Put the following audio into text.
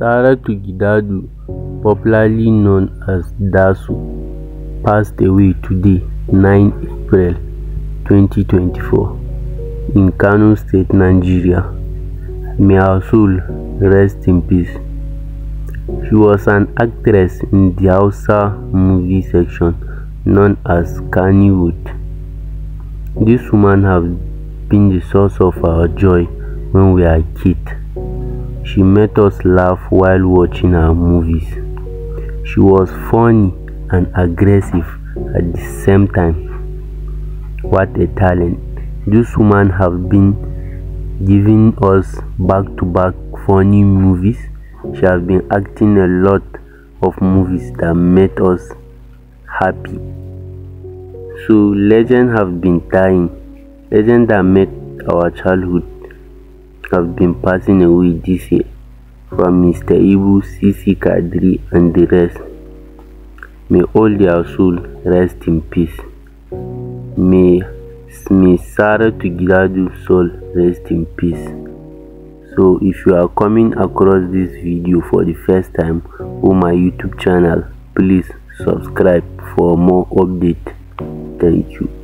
Saratu Gidado, popularly known as Dasu, passed away today, 9 April 2024, in Kano State, Nigeria. May her soul rest in peace. She was an actress in the Hausa movie section known as Kannywood. This woman has been the source of our joy when we are kids. She made us laugh while watching her movies. She was funny and aggressive at the same time. What a talent. This woman have been giving us back-to-back -back funny movies. She has been acting a lot of movies that made us happy. So legend have been dying. Legend that made our childhood have been passing away this year from Mr. Ibu, Sisi Kadri and the rest. May all their soul rest in peace. May may Sarah Tugiladu's soul rest in peace. So if you are coming across this video for the first time on my YouTube channel, please subscribe for more updates. Thank you.